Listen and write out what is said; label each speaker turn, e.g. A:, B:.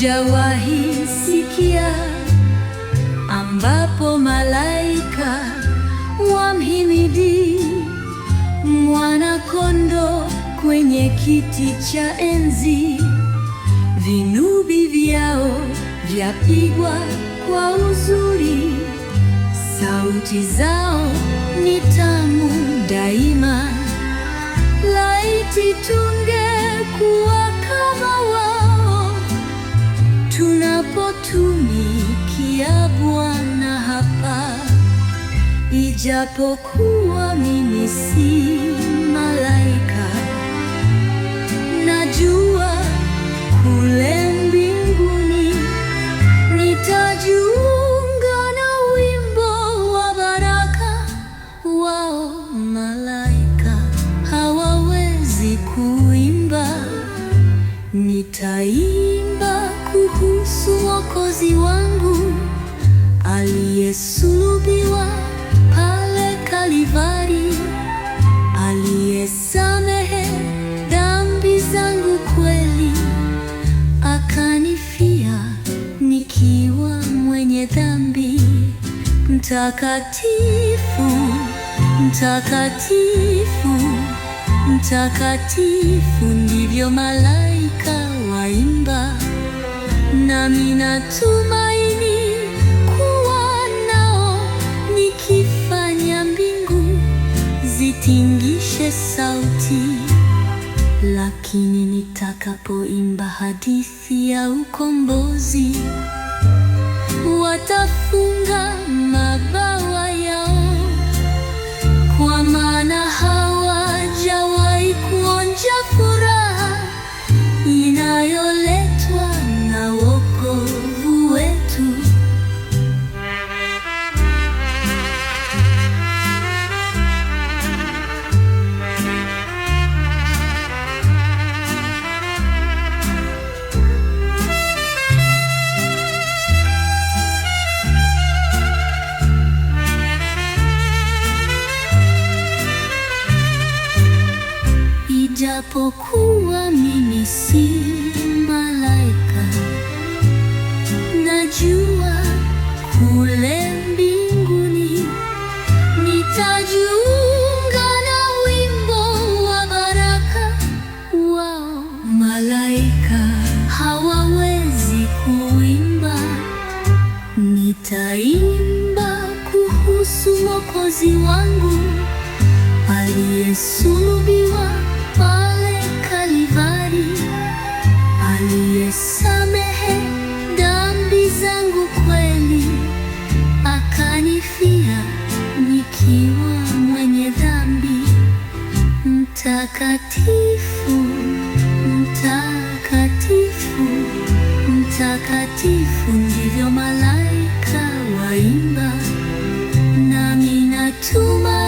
A: Jawahi sikia ambapo malaika wamhimidi mwanakondo kwenye kiti cha enzi, vinubi vyao vyapigwa kwa uzuri, sauti zao ni tamu daima. Laiti tungekuwa Ijapokuwa mimi si malaika, najua kule mbinguni nitajiunga na wimbo wa baraka wao. Malaika hawawezi kuimba, nitaimba kuhusu Mwokozi wangu aliyesulubiwa Mtakatifu, mtakatifu, mtakatifu, ndivyo malaika waimba, nami natumaini kuwa nao nikifanya mbingu zitingishe sauti, lakini nitakapoimba hadithi ya ukombozi watafunga mabao. Japokuwa mimi si malaika, najua kule mbinguni nitajiunga na wimbo wa baraka wao. Malaika hawawezi kuimba, nitaimba kuhusu Mwokozi wangu aliyesulubiwa Mtakatifu, mtakatifu, mtakatifu, ndivyo malaika waimba, nami natuma